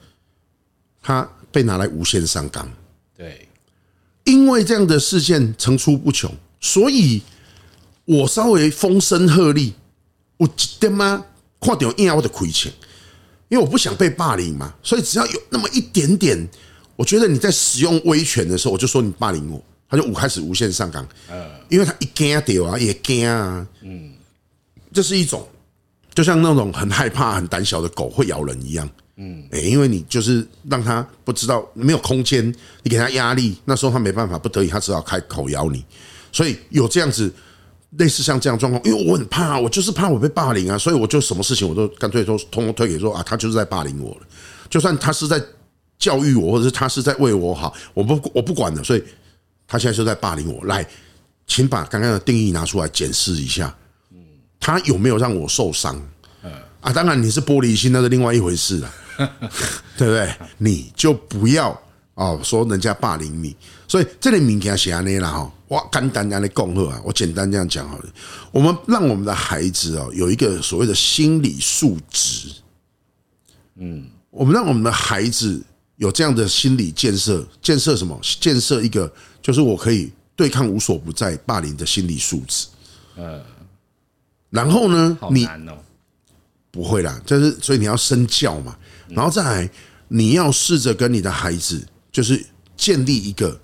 Speaker 1: 他被拿來無限上綱，對，因為這樣的事件層出不窮，所以我稍微風聲鶴唳，我他媽快點硬要我的虧錢，因為我不想被霸凌嘛，所以只要有那麼一點點，我覺得你在使用威權的時候，我就說你霸凌我。他就五開始無限上綱，因為他一驚掉啊，也驚啊，嗯，這是一種，就像那種很害怕、很膽小的狗會咬人一樣，嗯，因為你就是讓他不知道沒有空間，你給他壓力，那時候他沒辦法，不得已他只好開口咬你，所以有這樣子類似像這樣狀況，因為我很怕啊，我就是怕我被霸凌啊，所以我就什麼事情我都乾脆都通通推給說啊，他就是在霸凌我了，就算他是在教育我，或者是他是在為我好，我不我不管了。所以。他現在就在霸凌我，來，請把剛剛的定義拿出來檢視一下，嗯，他有沒有讓我受傷？啊，啊，當然你是玻璃心那是另外一回事了， 對不對？你就不要哦說人家霸凌你，所以這裡名天寫安那了哈，我跟大家共和。啊！我簡單這樣講好了，我們讓我們的孩子有一個所謂的心理素質，嗯，我們讓我們的孩子。有這樣的心理建設，建設什麼？建設一個就是我可以對抗無所不在霸凌的心理素質。呃，然後呢？你不會啦，就是所以你要身教嘛。然後再來，你要試着跟你的孩子，就是建立一個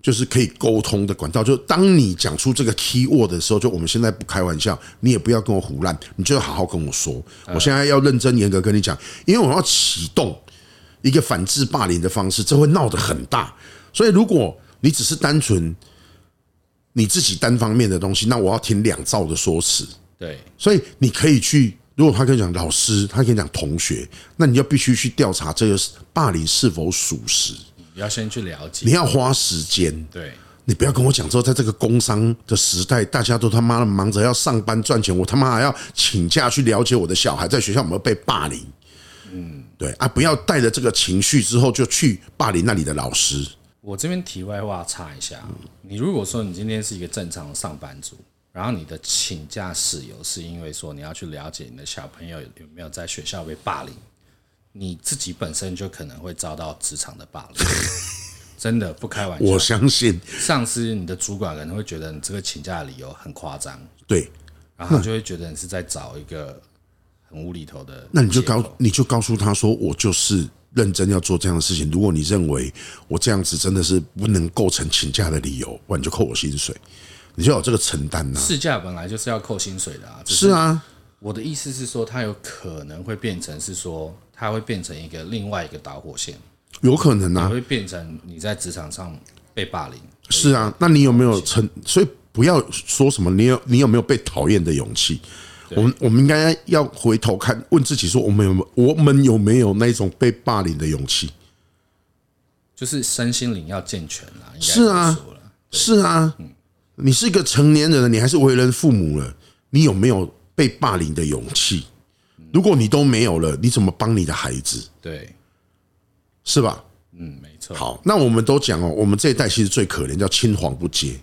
Speaker 1: 就是可以溝通的管道。就當你講出這個 key word 的時候，就我們現在不開玩笑，你也不要跟我胡亂，你就好好跟我說。我現在要認真嚴格跟你講，因為我要啟動。一個反制霸凌的方式，這會鬧得很大。所以，如果你只是單純你自己單方面的東西，那我要聽兩造的說辭。對，所以你可以去，如果他跟你講老師，他跟你講同學，那你就必須去調查這個霸凌是否屬實。你
Speaker 2: 要先去了解，你要花
Speaker 1: 時間。對，你不要跟我講說，在這個工商的時代，大家都他媽的忙着要上班賺錢，我他媽還要請假去了解我的小孩在學校有沒有被霸凌。嗯，對啊，不要帶着這個情緒之後就去霸凌那裡的老師。
Speaker 2: 我這邊題外話插一下，你如果說你今天是一個正常的上班族，然後你的請假事由是因為說你要去了解你的小朋友有沒有在學校被霸凌，你自己本身就可能會遭到職場的霸凌，真的不開玩笑。我相信上司你的主管可能會覺得你這個請假理由很誇張，
Speaker 1: 對，然後就會覺
Speaker 2: 得你是在找一個。無厘頭的，那你就
Speaker 1: 告你就告訴他說，我就是認真要做這樣的事情。如果你認為我這樣子真的是不能構成請假的理由，不然你就扣我薪水，你就要這個承擔吶。事
Speaker 2: 假本來就是要扣薪水的啊。是啊，我的意思是說，它有可能會變成是說，它會變成一個另外一個導火線，
Speaker 1: 有可能啊，會
Speaker 2: 變成你在職場上被霸凌。
Speaker 1: 是啊，那你有沒有成？所以不要說什麼，你有你有沒有被討厭的勇氣？我們我們應該要回頭看，問自己說：我們有沒有我們有沒有那種被霸凌的勇氣？
Speaker 2: 就是身心靈要健全，
Speaker 1: 是啊，是啊。你是一個成年人了，你還是為人父母了，你有沒有被霸凌的勇氣？如果你都沒有了，你怎麼幫你的孩子？對，是吧？嗯，沒錯。好，那我們都講哦，我們這一代其實最可憐，叫青黃不接。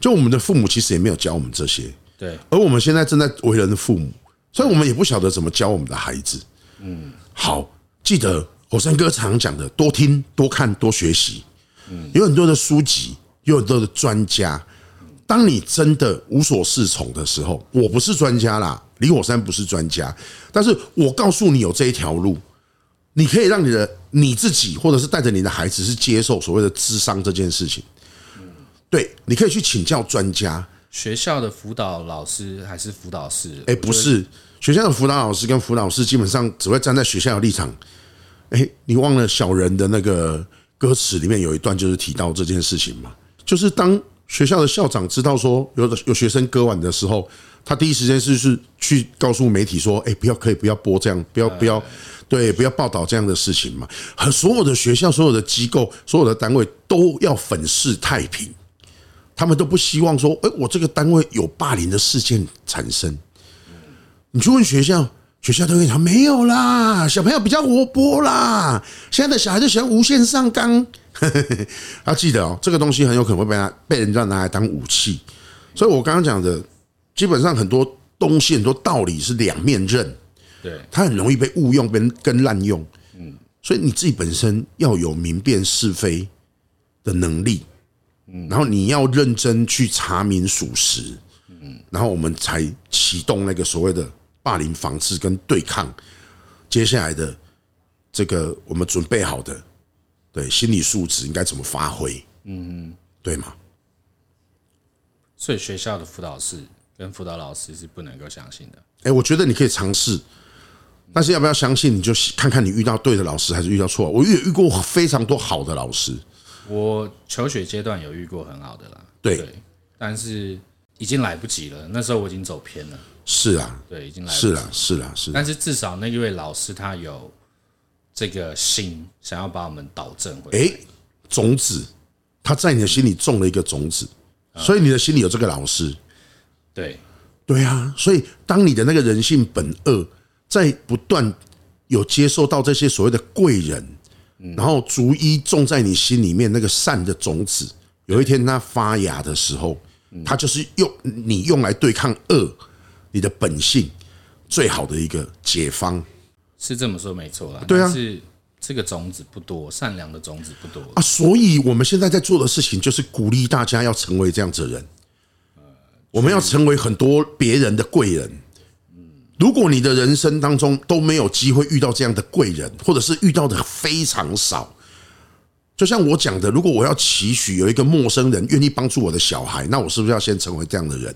Speaker 1: 就我們的父母其實也沒有教我們這些。對，而我們現在正在為人父母，所以我們也不曉得怎麼教我們的孩子。
Speaker 2: 嗯，
Speaker 1: 好，記得火山哥常講的，多聽、多看、多學習。嗯，有很多的書籍，有很多的專家。當你真的無所適從的時候，我不是專家啦，李火山不是專家，但是我告訴你有這一條路，你可以讓你的你自己，或者是帶着你的孩子，是接受所謂的諮商這件事情。嗯，對，你可以去請教專家。
Speaker 2: 學校的輔導老師還是輔導師？哎，欸、不是
Speaker 1: 學校的輔導老師跟輔導師基本上只會站在學校的立場。哎，你忘了小人的那個歌詞裡面有一段就是提到這件事情嘛？就是當學校的校長知道說有的有學生割腕的時候，他第一時間是是去告訴媒體說：“哎，不要可以不要播這樣，不要不要對不要報道這樣的事情嘛。”很所有的學校、所有的機構、所有的單位都要粉飾太平。他們都不希望說：“哎，我這個單位有霸凌的事件產生。”你去問學校，學校都會講沒有啦。小朋友比較活潑啦，現在的小孩就喜歡無限上綱。要記得哦，這個東西很有可能會被他被人家拿來當武器。所以我剛剛講的，基本上很多東西、很多道理是兩面刃。對，它很容易被誤用、被跟濫用。嗯，所以你自己本身要有明辨是非的能力。然後你要認真去查明屬實，嗯，然後我們才啟動那個所謂的霸凌防治跟對抗，接下來的這個我們準備好的對心理素質應該怎麼發揮，嗯嗯，對嗎？
Speaker 2: 所以學校的輔導室跟輔導老師是不能夠相信
Speaker 1: 的？哎，我覺得你可以嘗試，但是要不要相信你就看看你遇到對的老師還是遇到錯。我遇遇過非常多好的老師。
Speaker 2: 我求學階段有遇過很好的啦，對，但是已經來不及了。那時候我已經走偏了。
Speaker 1: 是啊，對，已經來不及了，是啊，是、啊。啊、但
Speaker 2: 是至少那一位老師他有這個心，想要把我們導正回來。哎，
Speaker 1: 種子，他在你的心裡種了一個種子，所以你的心裡有這個老師。嗯、對，對啊。所以當你的那個人性本惡，在不斷有接受到這些所謂的貴人。然後，逐一種在你心裡面那個善的種子，有一天它發芽的時候，它就是用你用來對抗惡，你的本性最好的一個解方。
Speaker 2: 是這麼說沒錯啦，對啊，是這個種子不多，善良的種子不多
Speaker 1: 啊。所以我們現在在做的事情，就是鼓勵大家要成為這樣子的人。我們要成為很多別人的貴人。如果你的人生當中都沒有機會遇到這樣的貴人，或者是遇到的非常少，就像我講的，如果我要期許有一個陌生人願意幫助我的小孩，那我是不是要先成為這樣的人？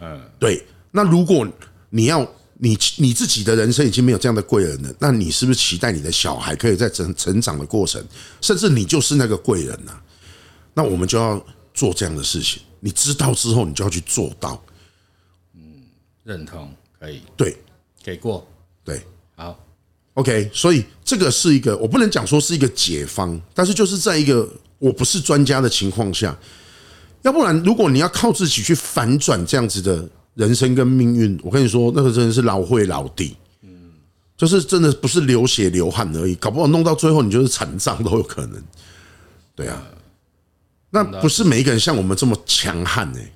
Speaker 1: 嗯，對。那如果你要你你自己的人生已經沒有這樣的貴人了，那你是不是期待你的小孩可以在成成長的過程，甚至你就是那個貴人呢、啊？那我們就要做這樣的事情。你知道之後，你就要去做到。嗯，
Speaker 2: 認同。可以，
Speaker 1: 對，給過，對，好，OK，所以這個是一個，我不能講說是一個解方，但是就是在一個我不是專家的情況下，要不然如果你要靠自己去反轉這樣子的人生跟命運，我跟你說，那個真的是老會老地，嗯，就是真的不是流血流汗而已，搞不好弄到最後你就是殘障都有可能，對啊，那不是每一個人像我們這麼強悍呢、欸。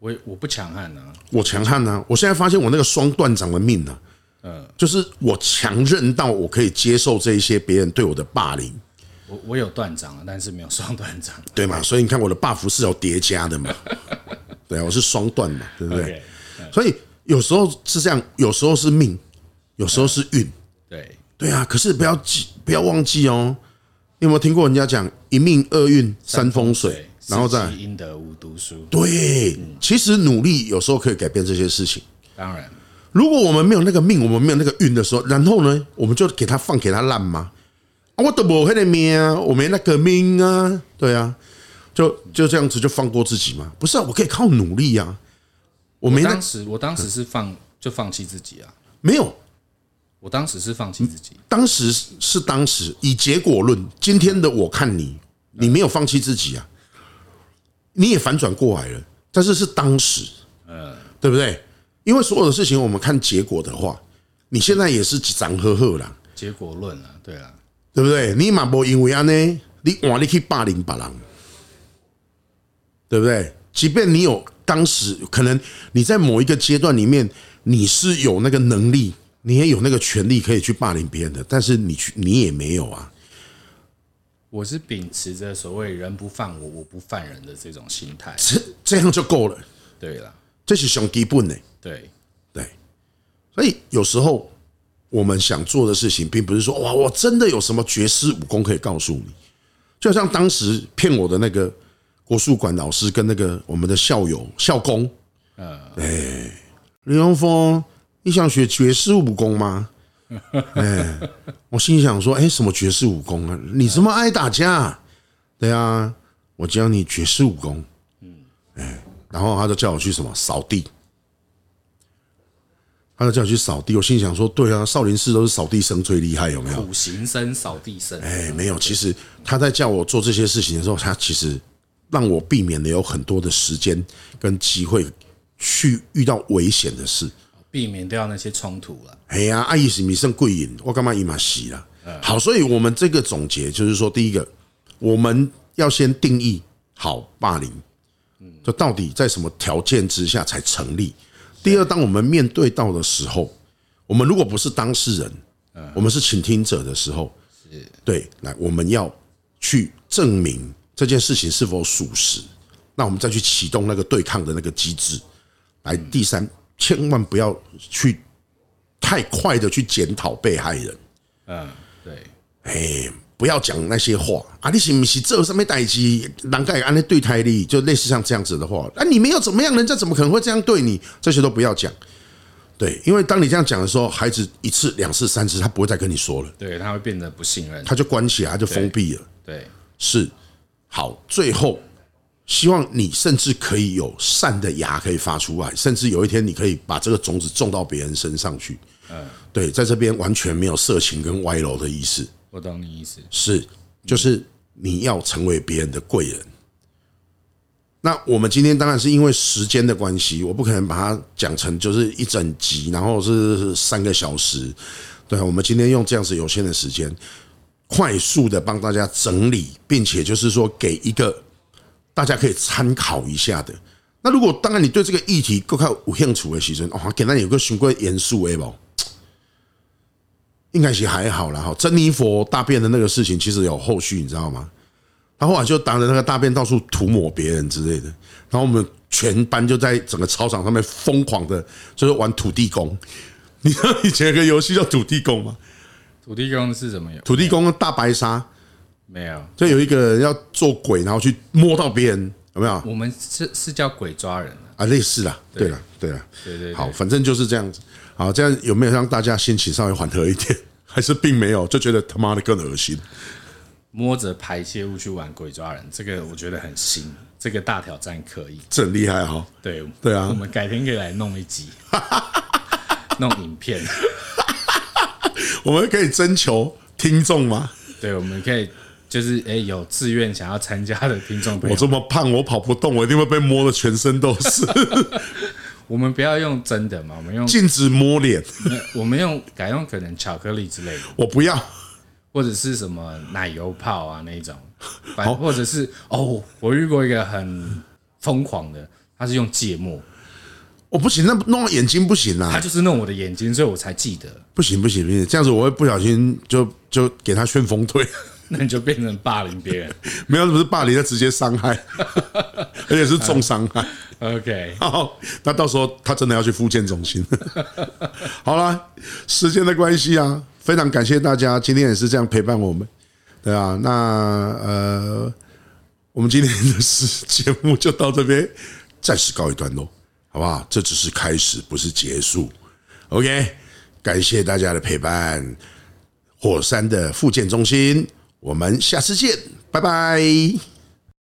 Speaker 2: 我我不強悍呢、啊，
Speaker 1: 我強悍呢、啊。我現在發現我那個雙斷掌的命呢，嗯，就是我強韌到我可以接受這一些別人對我的霸凌。
Speaker 2: 我我有斷掌啊，但是沒有雙斷掌，
Speaker 1: 對嘛？所以你看我的 buff 是有疊加的嘛，對啊，我是雙斷嘛，對不對？所以有時候是這樣，有時候是命，有時候是運，對對啊。可是不要記，不要忘記哦。你有沒有聽過人家講一命二運三風水？然後再因
Speaker 2: 德無書，
Speaker 1: 對，其實努力有時候可以改變這些事情。當然，如果我們沒有那個命，我們沒有那個運的時候，然後呢，我們就給他放，給他爛嘛。我都沒那命啊，我沒那個命啊。對啊，就就這樣子就放過自己嗎？不是啊，我可以靠努力啊。我沒當時，我當時
Speaker 2: 是放就放
Speaker 1: 棄自己啊。沒有，我當時是放棄自己。當時是當時以結果論，今天的我看你，你沒有放棄自己啊。你也反轉過來了，但是是當時，嗯，對不對？因為所有的事情，我們看結果的話，你現在也是長呵呵了。
Speaker 2: 結果論啊，對啊，
Speaker 1: 對不對？你嘛不因為啊呢，你換你可以霸凌別人，對不對？即便你有當時可能你在某一個階段裡面你是有那個能力，你也有那個權利可以去霸凌別人的，但是你去你也沒有啊。
Speaker 2: 我是秉持着所謂“人不犯我，我不犯人”的這種心
Speaker 1: 態，這樣就夠了。對了，這是兄弟不能，對對。所以有時候我們想做的事情，並不是說哇，我真的有什麼絕世武功可以告訴你。就像當時騙我的那個國術館老師跟那個我們的校友校工，嗯哎，李永峰，你想學絕世武功嗎？哎、欸，我心想說，哎，什麼絕世武功啊？你這麼愛打架。啊，對啊，我教你絕世武功。嗯，哎，然後他就叫我去什麼掃地，他就叫我去掃地。我心想說，對啊，少林寺都是掃地僧最厲害，有沒有？苦
Speaker 2: 行僧、掃地
Speaker 1: 僧。哎，沒有。其實他在叫我做這些事情的時候，他其實讓我避免了有很多的時間跟機會去遇到危險的事。
Speaker 2: 避免掉那些衝突
Speaker 1: 了。哎呀，阿姨是米貴銀，我幹嘛姨媽洗了？好，所以我們這個總結就是說，第一個，我們要先定義好霸凌，嗯，就到底在什麼條件之下才成立？第二，當我們面對到的時候，我們如果不是當事人，嗯，我們是傾聽者的時候，對，來，我們要去證明這件事情是否屬實，那我們再去啟動那個對抗的那個機制。來，第三。千萬不要去太快的去檢討被害人。嗯，對，哎，不要講那些話啊！你是不是做什麼代誌，人家按呢對待你，就類似像這樣子的話，哎，你沒有怎麼樣？人家怎麼可能會這樣對你？這些都不要講。對，因為當你這樣講的時候，孩子一次、兩次、三次，他不會再跟你說了。
Speaker 2: 對，他會變得不信任，
Speaker 1: 他就關起來，他就封閉了。對，是好，最後。希望你甚至可以有善的芽可以發出來，甚至有一天你可以把這個種子種到別人身上去。嗯，對，在這邊完全沒有色情跟歪樓的意思。我懂你意思，是就是你要成為別人的貴人。那我們今天當然是因為時間的關係，我不可能把它講成就是一整集，然後是三個小時。對，我們今天用這樣子有限的時間，快速的幫大家整理，並且就是說給一個。大家可以參考一下的。那如果當然，你對這個議題夠看，有興趣的，其中哦，簡單有個循規嚴肅誒。寶，應該也還好啦。哈。珍妮佛大便的那個事情，其實有後續，你知道嗎？他後，後來就當着那個大便到處塗抹別人之類的，然後我們全班就在整個操場上面瘋狂的，就是玩土地公。你知道以前有個遊戲叫土地公嗎？
Speaker 2: 土地公是什麼遊？
Speaker 1: 土地公大白鯊。沒有，就有一個人要做鬼，然後去摸到別人，有沒有？我們
Speaker 2: 是是叫鬼抓人啊，
Speaker 1: 啊類似啦。對啦，對啦，對對，對對。好，反正就是這樣子。好，這樣有沒有讓大家心情稍微緩和一點？還是並沒有，就覺得他媽的更噁心。
Speaker 2: 摸着排泄物去玩鬼抓人，這個我覺得很新，這個大挑戰可以，
Speaker 1: 這很厲害哈、哦。
Speaker 2: 對對啊，我們改天可以來弄一集，弄影片。
Speaker 1: 我們可以徵求聽眾嗎？
Speaker 2: 對，我們可以。
Speaker 1: 就是有自願想要參加的聽眾朋友。我這麼胖，我跑不動，我一
Speaker 2: 定會被摸得全身都是。我們不要用真的嘛，我們用禁止摸臉。我們用改用可能巧克力之類的。我不要，或者是什麼奶油泡啊那種，或者，是哦，我遇過一個很瘋狂的，他是用芥末。
Speaker 1: 我不行，那弄眼睛不行啊，他就
Speaker 2: 是弄我的眼睛，所以我才記得。
Speaker 1: 不行不行不行，這樣子我會不小心就就給他旋風腿。
Speaker 2: 那你就變成霸凌
Speaker 1: 別人，沒有，不是霸凌，是直接傷害，而且是重傷害。OK，好，那到時候他真的要去復健中心。好了，時間的關係啊，非常感謝大家今天也是這樣陪伴我們，對啊，那呃，我們今天的節目就到這邊暫時告一段落，好不好？這只是開始，不是結束。OK，感謝大家的陪伴，火山的復健中心。我們下次見，拜拜！